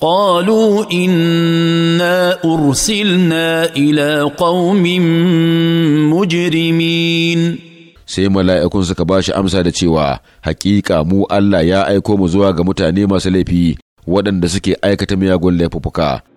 قالوا انا ارسلنا الى قوم مجرمين sai mala'ikun suka ba shi amsa da cewa hakika mu Allah ya aiko mu zuwa ga mutane masu laifi waɗanda suke aikata miyagun laifuka